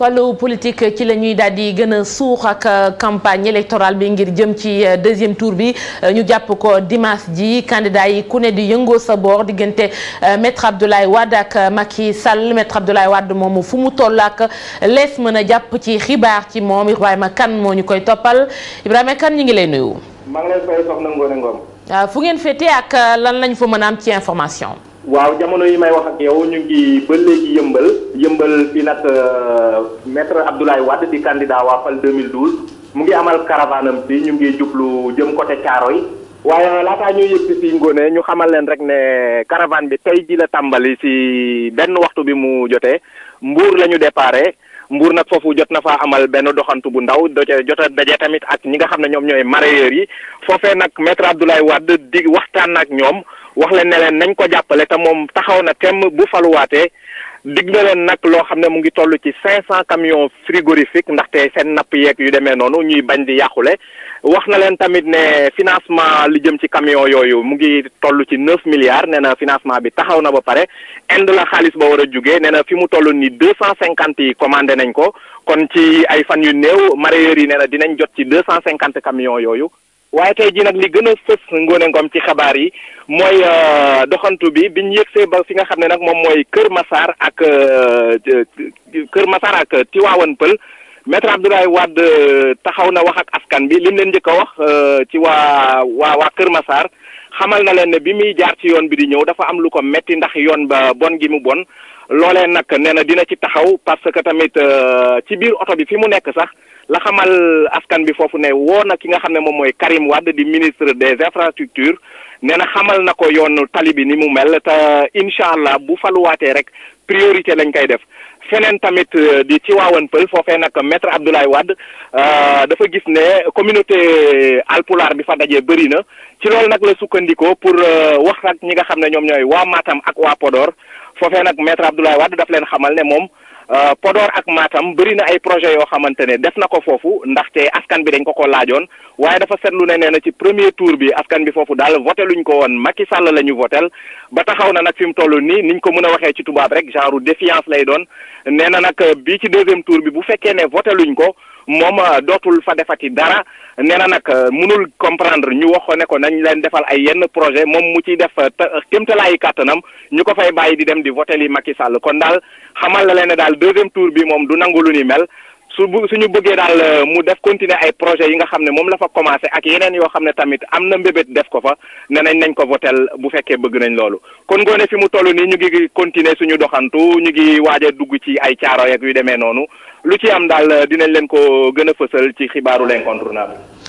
wàllu politique ci la ñuy daal di gën a suux ak euh, campagne électorale bi ngir jëm ci euh, deuxième tour bi euh, ñu jàpp ko dimanche ji candidat yi ku ne di yëngoo sa boor diggante maître Abdoulaye Wade ak sal Sall maître Abdoulaye Wade moomu fu mu toll ak lees mën a jàpp ci xibaar ci moom Ibrahima kan moo ñu koy toppal Ibrahima Kane ñu ngi lay nuyu. maa ngi ah, fu ngeen fete ak lan lañ fa mën a am ci information. waaw jamono yi may wax ak yow ñu ngi ba léegi yëmbal yëmbal nag euh, maître Abdoulaye Wade di candidat waa Fal 2012 mu ngi amal caravanam si ñu ngi jublu jëm côté Thiaroye waaye laataa ñuy yëg si si ngoone ñu xamal leen rek ne caravane bi tey ji la tàmbali si benn waxtu bi mu jotee Mbour lañu ñu déparé nag foofu jot na fa amal benn doxantu bu ndaw doce jot a daje tamit ak ñi nga xam ne ñoom ñooy mareyeurs yi foofee nag maître Abdoulaye Wade di waxtaan ak ñoom wax leen ne leen nañ ko jàppale te dig na leen nag loo xam ne mu ngi toll ci cinq cent camions frigorifiques ndaxte seen napp yeeg yu demee noonu ñuy bañ di yàqule wax na leen tamit ne financement li jëm ci camions yooyu mu ngi toll ci neuf milliards nee na financement bi taxaw na ba pare ind la xaalis ba war a jugee nee na fi mu toll ni deux cent cinquante yi commandé nañ ko kon ci ay fan yu néew mareyeurs yi nee na dinañ jot ci deux cent cinquante camions yooyu waaye tey jii nag li gën a fës Ngoné Ngom ci xabaar yi mooy euh, doxantu bi biñ yëgsee ba fi nga xam ne nag moom mooy Kër masaar ak euh, Kër Massar ak Tiwaawan Pël maître Abdoulaye Wade euh, taxaw na wax ak askan bi lim leen njëkk a wax ci waa waa waa Kër masaar xamal na leen ne bi muy jaar ci yoon bi di ñëw dafa am lu ko metti ndax yoon ba bon gi mu bon loolee nag nee na dina ci taxaw parce que tamit euh, ci biir oto bi fi mu nekk sax la xamal askan bi foofu ne woo na ki nga xam ne moom mooy Karim Wade di ministre des infrastructures nee na xamal na ko yoon tali bi ni mu mel te incha allah bu faluwaatee rek priorité lañ koy def feneen tamit euh, di ci waawan pël foofee nag maître Abdoulaye Wade euh, dafa gis ne communauté alpulaar bi fa dajee bëri na ci loolu nag la sukkandikoo pour euh, wax ak ñi nga xam ne ñoom ñooy waa maatam ak waa Podor foofee nag maître Abdoulaye Wade daf leen xamal ne moom Euh, podoor ak Matam bëri na ay projet yoo xamante ne def na ko foofu ndaxte askan bi dañ ko ko laajoon waaye dafa seetlu ne nee na ci premier tour bi askan bi foofu daal voté luñ ko woon Macky Sall la ñu votel ba taxaw na nag fi mu toll nii niñ ko mën a waxee ci tubaab rek genre défiance lay doon nee na nag euh, bii ci deuxième tour bi bu fekkee ne voté luñ ko moom euh, dootul fa defati dara nee na nag mënul comprendre ñu wax ko ne ko nañ leen defal ay yenn projet moom mu ciy def kéemtalaayu kàttanam ñu ko fay bàyyi di dem di voté li Macky Sall kon daal xamal la daal deuxième tour bi moom du nangu lu ni mel su bu ñu bëggee daal euh, mu def continuer ay projet yi nga xam ne moom la fa commencé ak yeneen yoo xam ne tamit am na mbébét def ko fa ne nañ nañ ko votel bu fekkee bëgg nañ loolu kon ngoone fi mu toll nii ñu ngi continuer suñu doxantu ñu ngi waaj dugg ci ay caaro yeeg yu demee noonu lu ci am daal euh, dinañ leen ko gën a fësal ci xibaaru l'incontournable